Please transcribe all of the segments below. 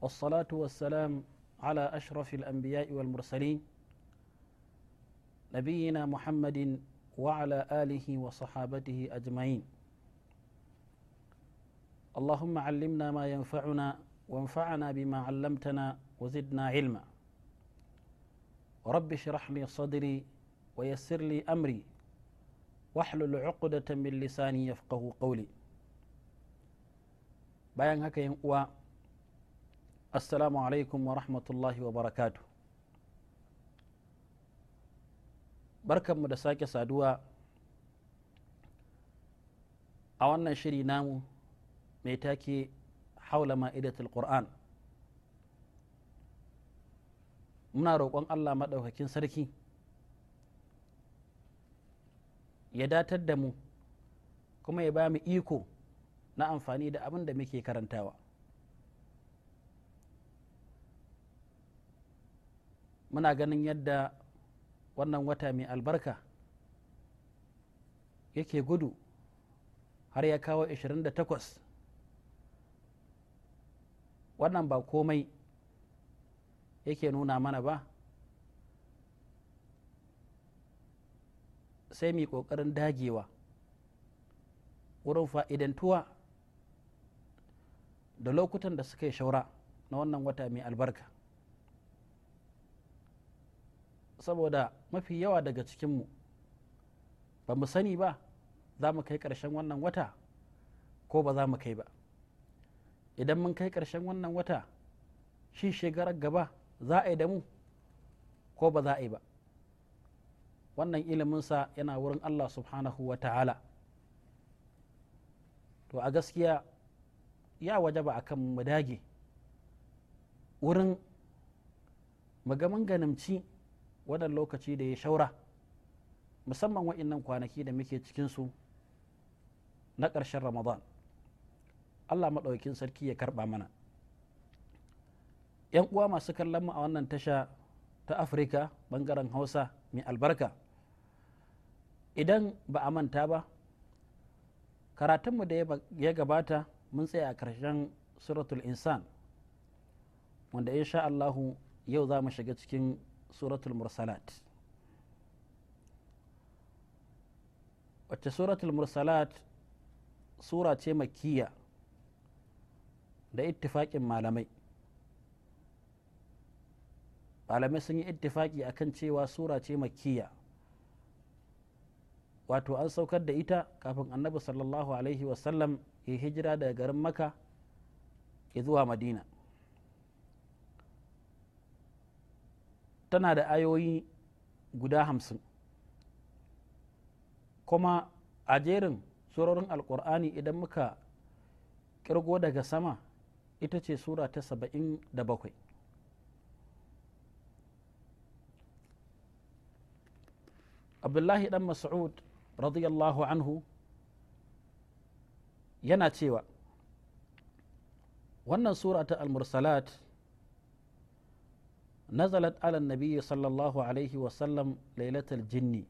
والصلاة والسلام على أشرف الأنبياء والمرسلين نبينا محمد وعلى آله وصحابته أجمعين اللهم علمنا ما ينفعنا وانفعنا بما علمتنا وزدنا علما رب اشرح لي صدري ويسر لي أمري واحلل عقدة من لساني يفقه قولي بيان هكا ينقوى assalamu alaikum wa rahmatullahi wa barakatu barkanmu da sake saduwa a wannan shiri namu mai take haula ma'idatul qur'an muna roƙon allah maɗaukakin sarki ya datar da mu kuma ya ba iko na amfani da abin da muke karantawa muna ganin yadda wannan wata mai albarka yake gudu har ya kawo 28 wannan ba komai yake nuna mana ba sai mai ƙoƙarin dagewa wurin fa'idantuwa da lokutan da suka yi shaura na wannan wata mai albarka saboda mafi yawa daga cikinmu ba mu sani ba za mu kai ƙarshen wannan wata ko ba za mu kai ba idan mun kai ƙarshen wannan wata shi shekarar gaba za a yi da mu ko ba za a yi ba wannan iliminsa yana wurin allah subhanahu wa ta'ala to a gaskiya ya waje ba a akan mu dage wurin mu mun ganimci wannan lokaci da ya shaura musamman wa'innan kwanaki da muke cikinsu na ƙarshen ramadan allah maɗaukin sarki ya karɓa mana yan uwa masu kallon mu a wannan tasha ta afirka ɓangaren hausa mai albarka idan ba a manta ba karatunmu da ya gabata mun tsaya a ƙarshen suratul insan wanda insha allahu yau za mu shiga cikin suratul mursalat wacce suratul mursalat sura ce makiyya da ittifaƙin malamai malamai sun yi ittifaƙi kan cewa sura ce makiyya wato an saukar da ita kafin annabi sallallahu alaihi wasallam ya hijira daga garin maka ya zuwa madina tana da ayoyi guda hamsin kuma a jerin surorin alkur'ani idan muka kirgo daga sama ita ce sura ta saba'in da bakwai abdullahi dan mas'ud radiyallahu anhu yana cewa wannan sura ta al-mursalat nazalat ala nabiyyi sallallahu alaihi wasallam lailatul jinni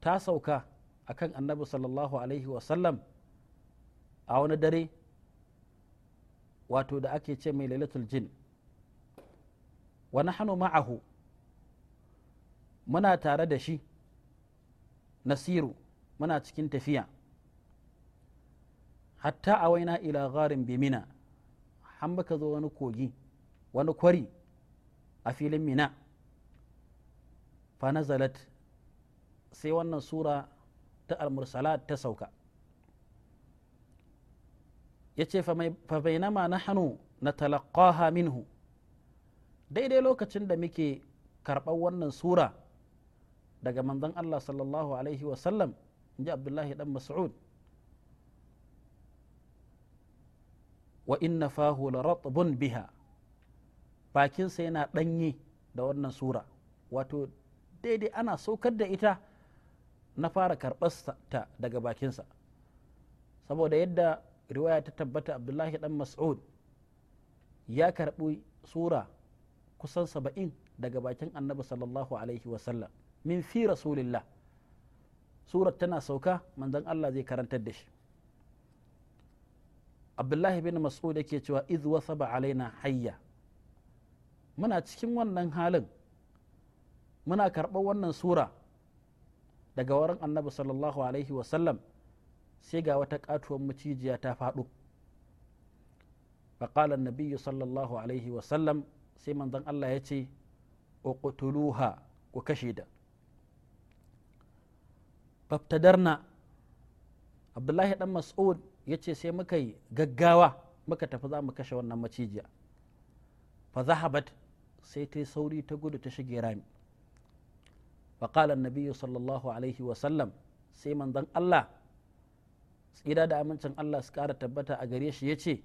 ta sauka akan annabi sallallahu alaihi wasallam a wani dare wato da ake ce mai lailatul jin wa nahnu ma'ahu muna tare da shi nasiru muna cikin tafiya hatta a waina ila gharin bimina har muka zo wani kogi wani kwari a filin mina fanazalat sai wannan sura ta almursala ta sauka ya ce fabainama na hannu na talakaha minhu daidai lokacin da muke karɓar wannan sura daga manzon allah sallallahu alaihi wasallam in ji abdullahi dan mas'ud wa inna fahu la ratbun biha bakinsa yana ɗanye da wannan sura wato daidai ana saukar da ita na fara karɓar ta daga bakinsa saboda yadda riwaya ta tabbata abdullahi dan mas'ud ya karɓi sura kusan saba'in daga bakin annabi sallallahu alaihi wasallam min fi rasulillah surar tana sauka manzon allah zai karantar da shi abdullahi bin mas'ud yake cewa iz wasaba alaina hayya muna cikin wannan halin muna karɓar wannan sura daga warin annabi sallallahu alaihi wasallam sai ga wata katuwar macijiya ta faɗo فقال nabiyyu sallallahu alaihi عليه sai manzon Allah ya ce uqtuluha ku kashe da faftadarna abdullahi dan mas'ud ya ce sai muka yi gaggawa muka tafi za mu kashe wannan macijiya fa zahabat sai ta sauri ta gudu ta shige rami faƙala nabiyu sallallahu alaihi sallam sai manzon allah tsira da amincin allah su kara tabbata a gare shi yace ce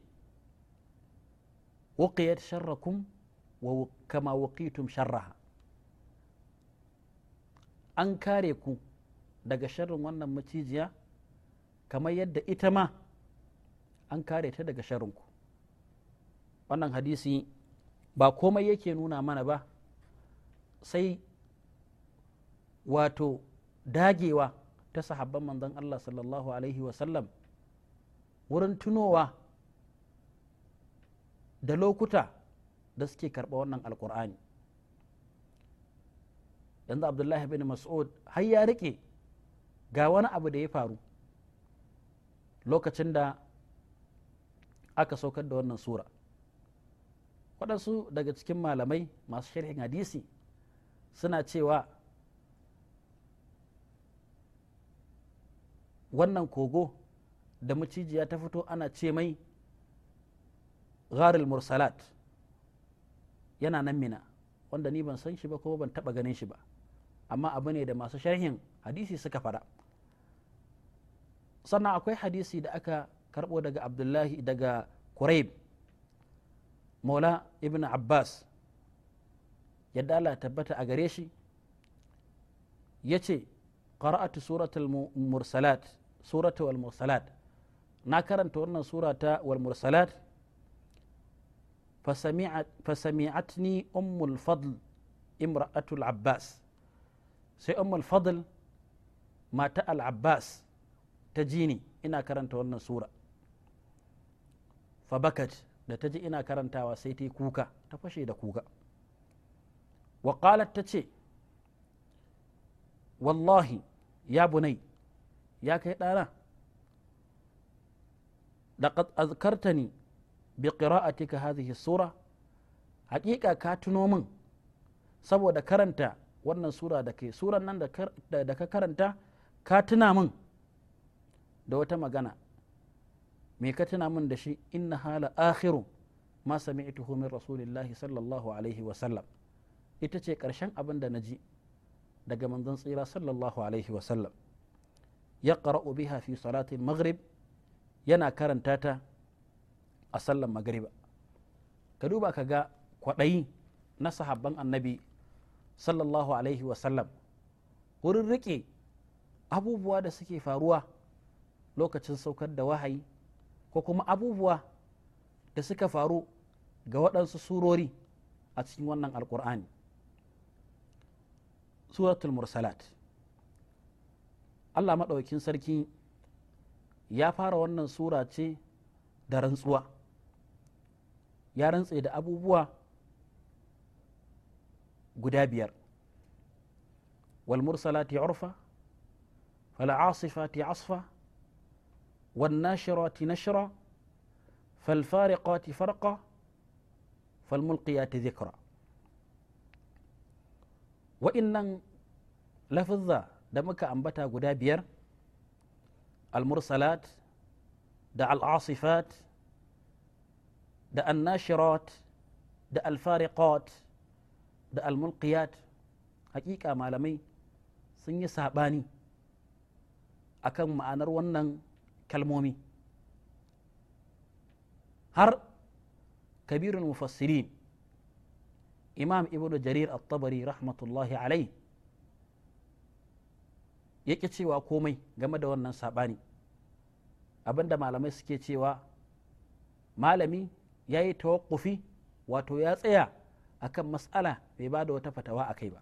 وقيت شركم وكما وقيتم شرها an kare ku daga sharrin wannan macijiya kamar yadda ita ma an kare ta daga sharinku wannan hadisi ba komai yake nuna mana ba sai wato dagewa ta sahabban manzon Allah sallallahu alaihi wasallam wurin tunowa da lokuta da suke karɓa wannan alkur'ani yanzu abdullahi bin mas'ud har ya riƙe ga wani abu da ya faru lokacin da aka saukar da wannan sura waɗansu daga cikin malamai masu sharhin hadisi suna cewa wannan kogo da macijiya ta fito ana ce mai gharil mursalat yana nan mina wanda ni ban san shi ba kuma ban taɓa ganin shi ba amma abu ne da masu sharhin hadisi suka fara sannan akwai hadisi da aka karbo daga abdullahi daga Kuraib maula ibn abbas yadda allah tabbata a gare shi ya ce qara'atu suratul mursalat suratul wal na karanta wannan sura ta wal fasami'atni ummul fadl imra'atul abbas sai ummul fadl mata al abbas ta jini ina karanta wannan sura fabakat da ta ji ina karantawa sai ta yi kuka ta fashe da kuka waƙalat ta ce wallahi ya bunai ya kai da laqad azkartani bi qira'atika hadhihi sura haƙiƙa ka tuno min saboda karanta wannan sura da ke suran nan da ka karanta ka tuna min da wata magana me ka tuna min da shi inna hala akhiru ma sami'tuhu min rasulillah sallallahu alaihi wa sallam ita ce karshen abin da naji daga manzon tsira sallallahu alaihi wa sallam ya qara'u biha fi salatil maghrib yana karanta ta a sallan magriba ka duba ka ga kwaɗayi na sahabban annabi sallallahu alaihi wa sallam wurin riƙe abubuwa da suke faruwa lokacin saukar da wahayi ko kuma abubuwa da suka faru ga waɗansu surori a cikin wannan alkur'ani suratul mursalat allah maɗaukin sarki ya fara wannan sura ce da rantsuwa ya rantse da abubuwa guda biyar والمرسلات عرفا فالعاصفات asfa والناشرات نشرا فالفارقات فرقا فالملقيات ذكرا وإن لفظة دمك أنبتا قدابير المرسلات دع العاصفات دع الناشرات دع الفارقات دع الملقيات حقيقة معلمي سنجي ساباني أكم معانر ونن kalmomi هر كبير mufassirin imam ibnu jarir at-tabari rahmatullahi alaihi yake cewa komai game da wannan saɓani abinda malamai suke cewa malami ya yi tawakkufi wato ya tsaya akan matsala bai ba da wata fatawa a kai ba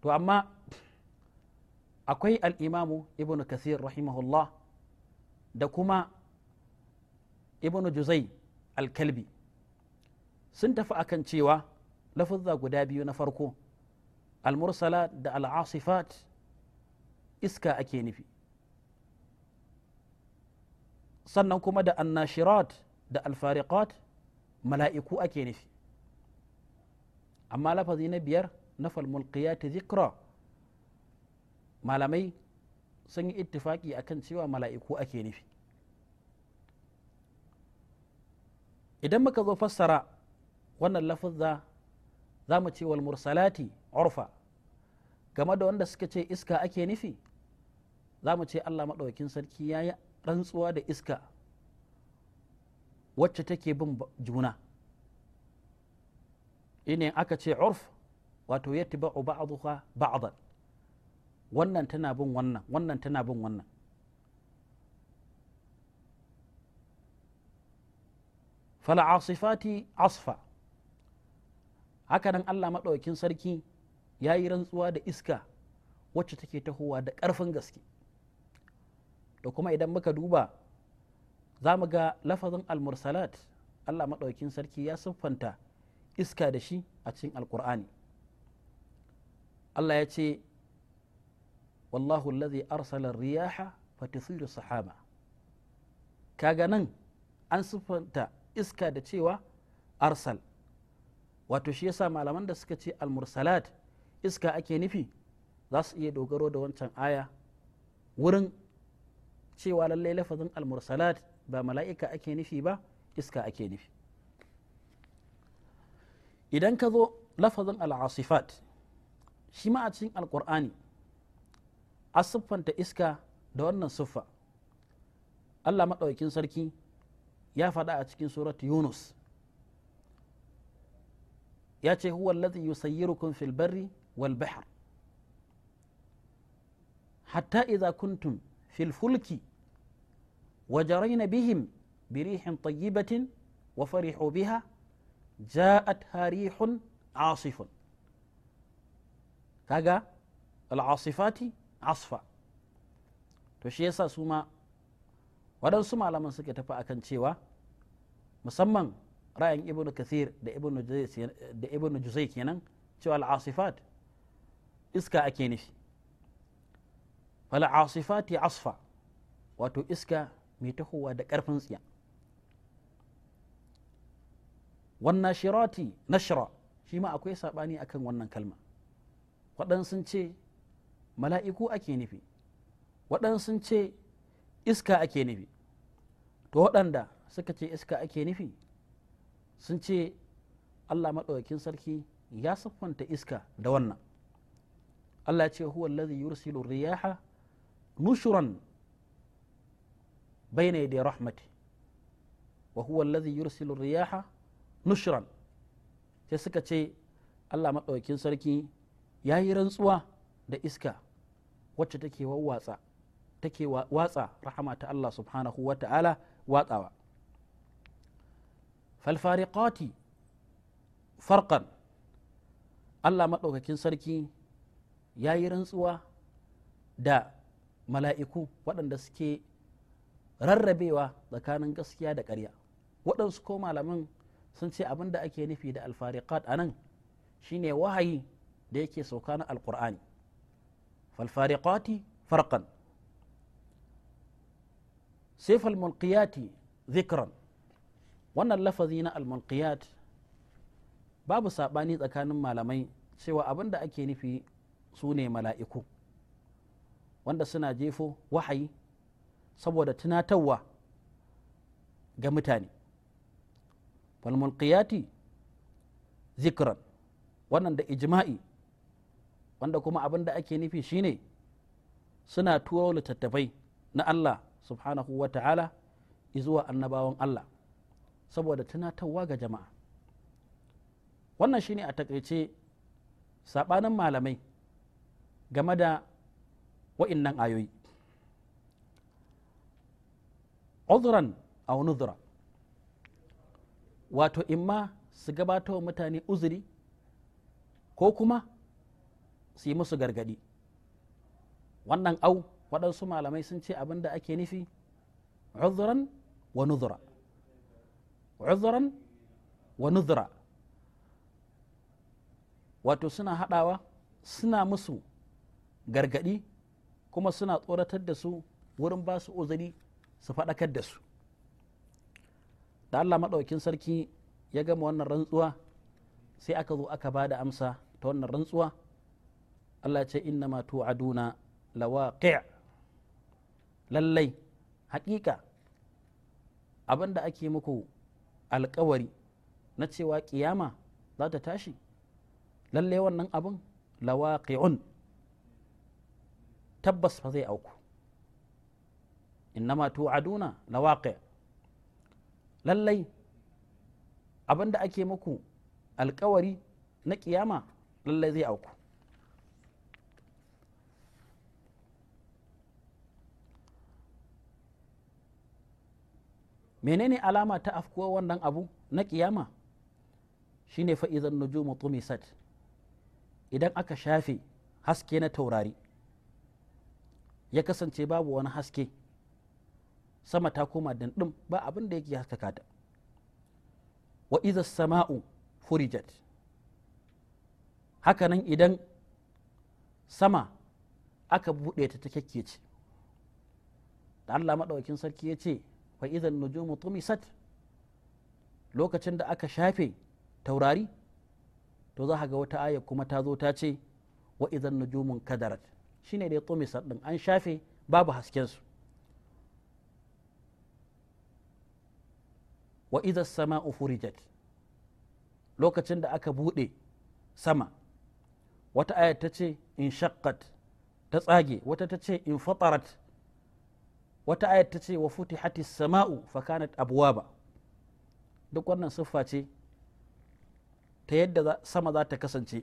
to amma akwai al'imamu ibn kasir rahimahullah da kuma ibn juzai alkalbi sun tafi akan cewa lafuzza guda biyu na farko almursala da al'asifat iska ake nufi sannan kuma da annashirat da alfariqat mala'iku ake nufi amma lafazi na biyar na ta zikra malamai sun yi ittifaki akan cewa mala'iku ake nufi idan muka zo fassara wannan lafazza za mu ce walmursalati mursalati urfa game da wanda suka ce iska ake nufi za mu ce allah maɗaukin sarki ya yi rantsuwa da iska wacce take bin juna ine aka ce urf wato ya tiba ba'dha ba'dan wannan tana bin wannan wannan tana bin wannan fala asifati asfa haka nan allah maɗaukin sarki ya yi rantsuwa da iska wacce take tahowa da ƙarfin gaske da kuma idan muka duba za mu ga lafazin almursalat allah maɗaukin sarki ya siffanta iska da shi a cikin alkur'ani allah ya ce wallahu alladhi arsala riyaha fatisiru sahaba kaga nan an siffanta iska da cewa arsal wato shi yasa malaman da suka ce almursalat iska ake nufi za su iya dogaro da wancan aya wurin cewa lallai lafazin almursalat ba mala'ika ake nufi ba iska ake nufi idan ka zo lafazin al'asifat shi ma a cikin alkur'ani a iska da wannan siffa allah maɗaukin sarki ya faɗa a cikin surat yunus ya ce huwa allazi yusayyirukum fil barri wal bahr hatta idza kuntum fil fulki وجرين بهم بريح طيبة وفرحوا بها جاءتها ريح kaga al العاصفات asfa to shi yasa su ma waɗansu malaman suke tafi akan cewa musamman ra'ayin ibn kathir da ibn juzai kenan cewa al'asifat iska ake nufi fal'asifati asfa wato iska mai tahowa da ƙarfin tsiya wannan shirati nashra shi ma akwai saɓani akan wannan kalma waɗansu ce mala'iku ake nufi waɗansu sun ce iska ake nufi to waɗanda suka ce iska ake nufi sun ce allah maɗaukakin sarki ya siffanta iska da wannan allah ce huwa allazi yursilu riyaha nushuran bayna yaday rahmati wa huwa allazi yursilu riyaha nushuran sai suka ce allah maɗaukakin sarki ya yi rantsuwa da iska wacce take wawwatsa take watsa rahama ta Allah subhanahu wa ta'ala watsawa alfarikati farqan Allah maɗaukakin sarki ya yi rantsuwa da mala'iku waɗanda suke rarrabewa tsakanin gaskiya da ƙarya waɗansu ko malaman sun ce abin da ake nufi da alfariqat a nan shine wahayi da yake sauka na alƙur'ani falfariqati farqan sai falmulqiyati zikran wannan lafazi na almulqiyat babu saɓani tsakanin malamai cewa abin da ake nufi su ne mala'iku wanda suna jefo wahayi saboda tunatarwa ga mutane falmulqiyati zikran wannan da ijma'i wanda kuma abin da ake nufi shine suna turo littattafai na Allah subhanahu wa ta'ala izuwa annabawan Allah saboda tunatarwa ga jama'a wannan shine a takaice saɓanin malamai game da wa'innan ayoyi uzran aw nuzra wato imma su gabatar mutane uzuri ko kuma su yi musu gargadi wannan au waɗansu malamai sun ce abin da ake nufi uzuran wa nuzura uzuran wa nuzura wato suna haɗawa suna musu gargadi kuma suna tsoratar da su wurin ba su uzuri su faɗakar da su da Allah maɗaukin sarki ya gama wannan rantsuwa sai aka zo aka ba da amsa ta wannan rantsuwa Allah ce inna ma tu'aduna lawaqi' lallai haƙiƙa abin da ake muku alkawari na cewa kiyama za ta tashi lallai wannan abin lawaqi'un tabbas fa zai auku inna ma tu'aduna lawaqi' lallai abin da ake muku alkawari na kiyama lallai zai auku menene alama ta afkuwa wannan abu na kiyama shine fa'izan idan nujumu tumisat idan aka shafe haske na taurari ya kasance babu wani haske sama ta koma dandim ba abin da yake haskaka ta wa idan sama'u furijat hakanan idan sama aka buɗe ta ta kyakkece da Allah maɗaukin sarki ya ce fa idan nujumu tumisat lokacin da aka shafe taurari to za ga wata aya kuma ta zo ta ce wa idan nujumun kadarat shine dai tumisat ɗin an shafe babu hasken su wa sama sama'u furijat lokacin da aka buɗe sama wata aya ta ce in shakkat ta tsage wata ta ce in fatarat wata ayat ta ce wa futihati sama'u Fakanat kanat abwaba duk wannan siffa ce ta yadda sama za ta kasance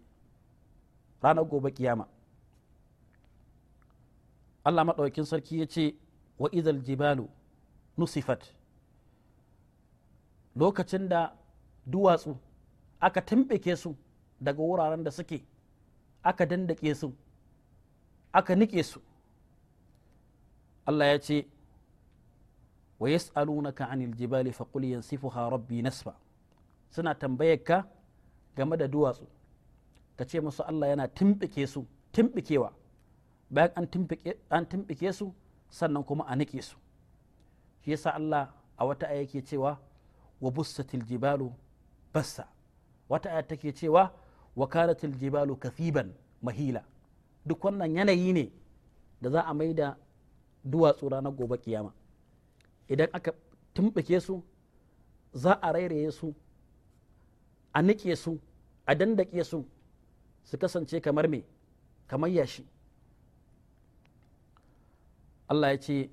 ranar gobe kiyama Allah maɗaukin sarki ya ce wa Izal jibalu nusifat lokacin da duwatsu aka tumbike su daga wuraren da suke aka dandake su aka nike su Allah ya ce wa yas'alunaka anil jibali faqul yansifuha rabbi nasfa suna tambayar ka game da duwatsu ka ce musu Allah yana timbike su timbikewa bayan an timbike su sannan kuma a nike su shi yasa Allah a wata aya yake cewa wa bussatil jibalu bassa wata aya take cewa wa kanatil jibalu kathiban mahila duk wannan yanayi ne da za a maida duwatsu ranar gobe kiyama idan aka tumbuke su za a rairaye su a nike su a dandake su su kasance kamar me kamar yashi Allah ya ce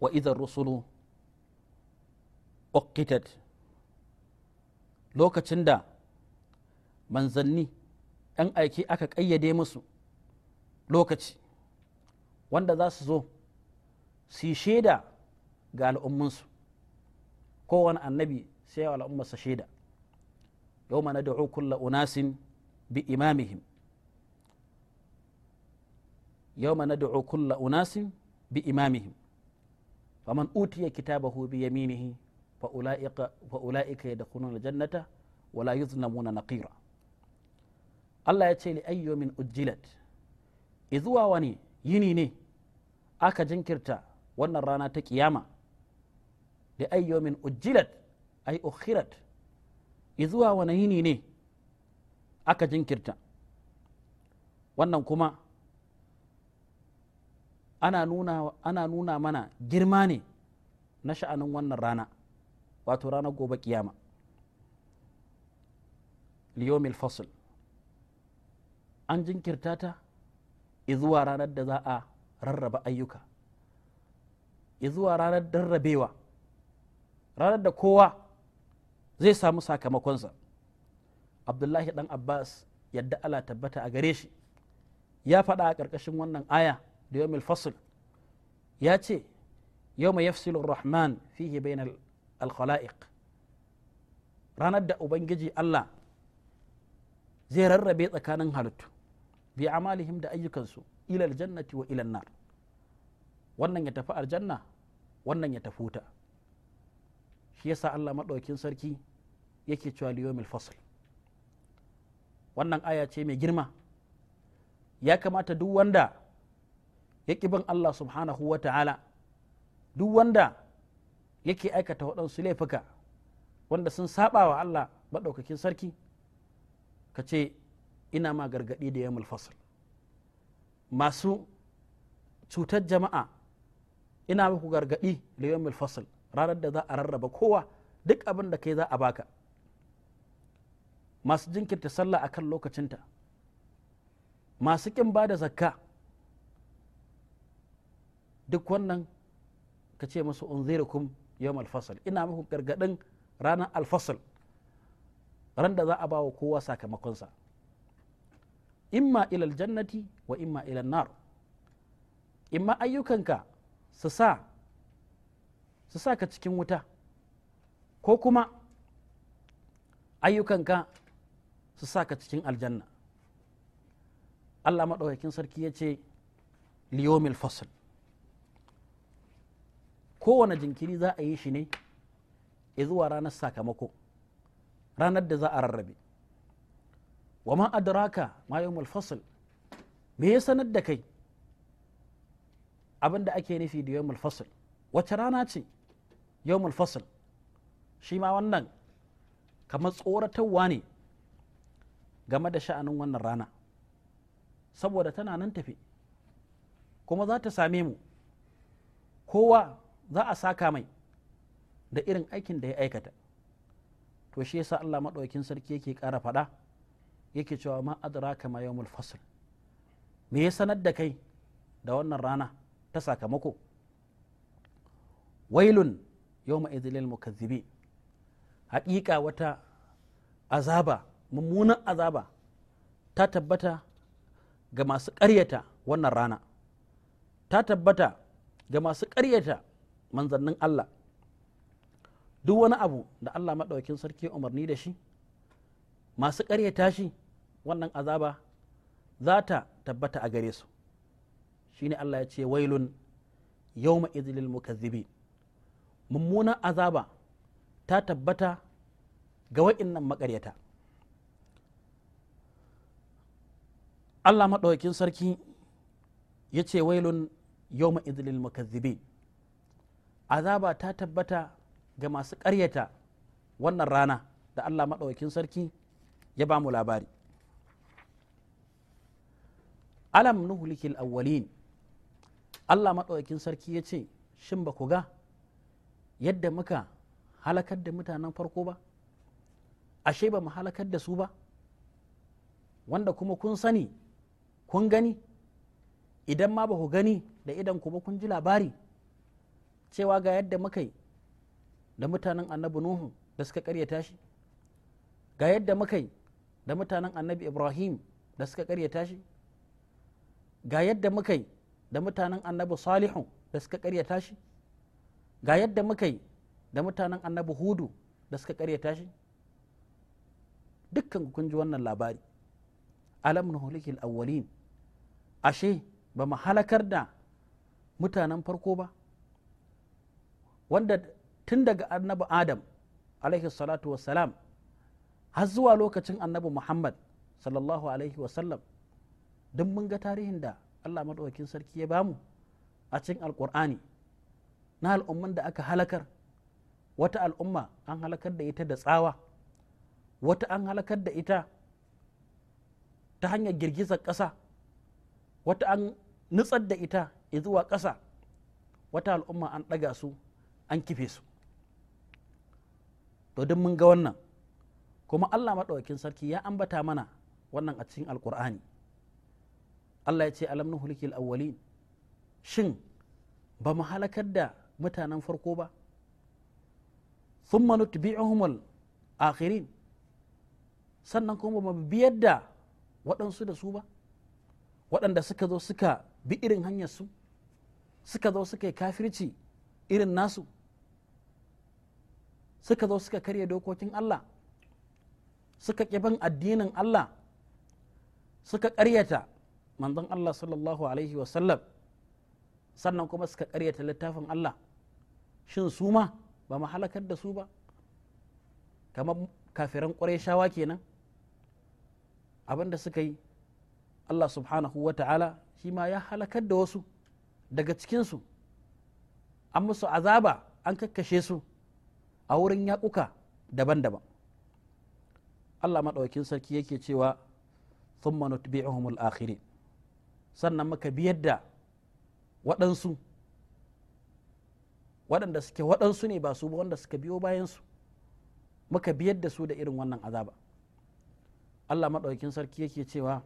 wa idan rusulu uqitat lokacin da manzanni ‘yan aiki aka ƙayyade musu lokaci wanda za su zo su yi shaida ga al’ummansu kowane annabi sai yawa al’ummarsa shaida yau mana da kulla unasin bi imamihim yau mana da kulla unasin bi imamihim faman utiya kitabahu bi yaminihi fa ula’ika ya da kunan jannata wala yuzlamuna naqira allah ya ce li ayyo min ujjilat izuwa wani yini ne aka jinkirta wannan rana ta kiyama da ayyomin ujjilat ay ukhirat izuwa wani yini ne aka jinkirta wannan kuma ana nuna, ana nuna mana girma ne na sha'anin wannan rana wato ranar gobe kiyama liyomil fasul an jinkirta ta zuwa ranar da za a rarraba ayyuka zuwa ranar rarrabewa ranar da kowa zai samu sakamakonsa abdullahi dan abbas yadda ala tabbata a gare shi ya faɗa a ƙarƙashin wannan aya da yawmil fasul ya ce yau mai yafsilu rahman fihi bainal al ranar da ubangiji allah zai rarrabe tsakanin halittu biamalihim da ayyukansu ilal jannati wa ilan nar wannan ya tafi aljanna wannan ya tafi wuta shi yasa Allah madaukin sarki yake cewa liyomil fasl wannan aya ce mai girma ya kamata duk wanda ya bin Allah subhanahu wa ta'ala duk wanda yake aikata waɗansu laifuka wanda sun saba wa Allah maɗaukakin sarki ka ce ina ma gargaɗi da yamul fasl masu cutar jama'a ina muku gargaɗi da yamul fasl ranar da za a rarraba kowa duk abin da kai za a baka masu jinkirta sallah akan lokacinta masu kin ba da zakka duk wannan ka ce unzira kum yawm alfasal ina muku gargaɗin ranar alfasal ran da za a ba wa kowa sakamakonsa imma ilal jannati wa imma ilal nar imma ayyukanka su sa su sa ka cikin wuta ko kuma ayyukanka su sa ka cikin aljanna Allah maɗaukakin sarki ya ce liyomil fasl kowane jinkiri za a yi shi ne zuwa ranar sakamako ranar da za a rarrabe wa ma adraka ma me ya sanar da kai abin da ake nufi da yawmul fasl wace rana ce yawmul fasl shi wannan kamar tsoratarwa ne game da sha'anin wannan rana saboda tana nan tafe kuma zata same mu kowa za a saka mai da irin aikin da ya aikata to shi yasa Allah maɗaukin sarki yake ƙara faɗa yake cewa ma adraka ma yawmul fasl me ya sanar da kai da wannan rana ta sakamako wailun yawma idlil mukazzibi haƙiƙa wata azaba mummunan azaba ta tabbata ga masu ƙaryata wannan rana ta tabbata ga masu ƙaryata manzannin Allah duk wani abu da Allah maɗaukin sarki umarni da shi masu ƙaryata shi wannan azaba za ta tabbata a gare su shine Allah ya ce wailun yawma izlil mukazzibi mummunan azaba ta tabbata ga nan maƙaryata Allah maɗaukin sarki ya ce wailun yawma izlil mukazzibi azaba ta tabbata ga masu ƙaryata wannan rana da Allah maɗaukin sarki ya ba mu labari alam nuhlikil awwalin Allah maɗaukakin sarki ya ce shin ba ku ga yadda muka halakar da mutanen farko ba ashe ba mu halakar da su ba wanda kuma kun sani kun gani idan ma ba ku gani da idan kuma kun ji labari cewa ga yadda muka yi da mutanen annabi nuhu da suka karyata shi ga yadda muka yi da mutanen annabi ibrahim da suka karyata shi ga yadda muka yi da mutanen annabi salihu da suka karyata shi ga yadda muka yi da mutanen annabi hudu da suka karyata shi dukkan kun ji wannan labari alam nuhulikil awwalin ashe ba mu halakar da mutanen farko ba wanda tun daga annabi adam alaihi salatu wassalam salam har zuwa lokacin annabi muhammad sallallahu alaihi wasallam duk mun ga tarihin da allah maɗaukakin sarki ya bamu a cikin alkur'ani na al'umman da aka halakar wata al'umma an halakar da ita da tsawa wata an halakar da ita ta hanyar girgizar ƙasa wata an nutsar da ita zuwa ƙasa wata al'umma an ɗaga su an kife su to duk mun ga wannan kuma Allah maɗaukin sarki ya ambata mana wannan a cikin alkur'ani Allah ya ce alam nuhlikil awwalin shin ba mu halakar da mutanen farko ba thumma nutbi'uhum akhirin sannan kuma ba mu biyar da waɗansu da su ba waɗanda suka zo suka bi irin hanyar su suka zo suka yi kafirci irin nasu suka zo suka karya dokokin Allah suka bin addinin Allah suka ƙaryata manzon Allah sallallahu alaihi wasallam sannan kuma suka ƙaryata littafin Allah shin su ma ba mu halakar da su ba kamar kafiran shawa kenan abinda da suka yi Allah subhanahu wa ta'ala shi ma ya halakar da wasu daga cikinsu an musu azaba an kakkashe su a wurin yaƙuka daban-daban Allah maɗaukin sarki yake cewa thumma nutbi'uhum al-akhirin sannan muka biyar da waɗansu waɗanda suke waɗansu ne ba su ba wanda suka biyo bayansu muka biyar da su da irin wannan azaba Allah maɗaukin sarki yake cewa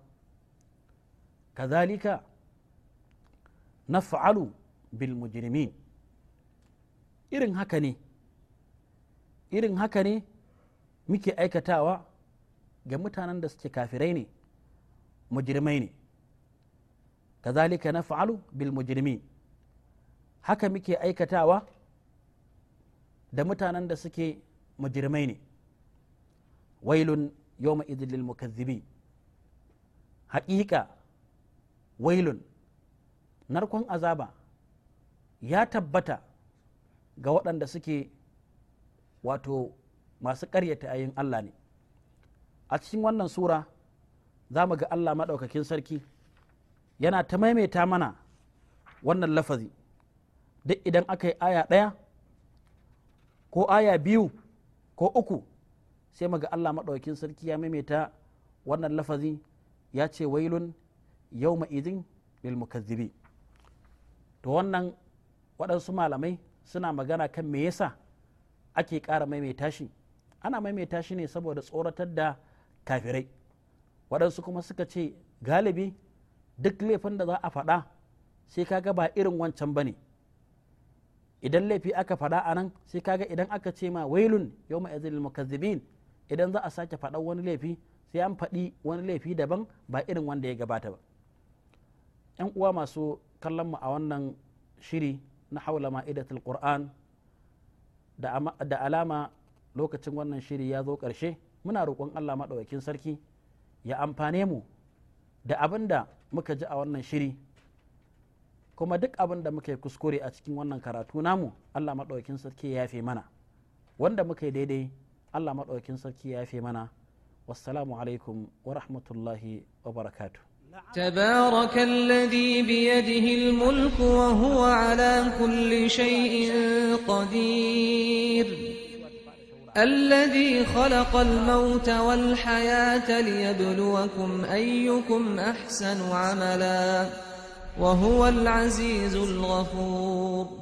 kazalika naf'alu bil mujrimin irin haka ne irin haka ne muke aikatawa ga mutanen da suke kafirai ne mujirmai ne kazalika fa'alu bil mujirmi. haka muke aikatawa da mutanen da suke mujirmai ne wailun yoma idilin lil haƙiƙa wailun narkon azaba ya tabbata ga waɗanda suke wato masu ƙaryata ayin Allah ne a cikin wannan sura za mu ga allah maɗaukakin sarki yana ta maimaita mana wannan lafazi duk idan aka yi aya ɗaya ko aya biyu ko uku sai mu ga allah maɗaukakin sarki ya maimaita wannan lafazi ya ce wailun yau ma'izin lilmukazzibi to wannan waɗansu malamai suna magana kan me yasa ake ƙara maimaita shi ana maimaita shi ne saboda tsoratar da kafirai waɗansu kuma suka ce galibi duk laifin da za a faɗa sai kaga ba irin wancan ba ne idan laifi aka faɗa a nan sai kaga idan aka ce ma wailun yau ma yazilil zibin idan za a sake faɗa wani laifi sai an faɗi wani laifi daban ba irin wanda ya gabata ba yan uwa masu kallon mu a wannan shiri na haula ma'idatul qur'an da alama lokacin wannan shiri ya zo ƙarshe muna roƙon Allah maɗaukakin sarki ya amfane mu da abin da muka ji a wannan shiri kuma duk abin da muka yi kuskure a cikin wannan karatu namu Allah maɗaukakin sarki ya yafe mana wanda muka yi daidai Allah maɗaukakin sarki ya yafe mana wassalamu alaikum wa rahmatullahi wa barakatu تبارك الذي بيده الملك وهو على كل شيء قدير الذي خلق الموت والحياة ليبلوكم أيكم أحسن عملا وهو العزيز الغفور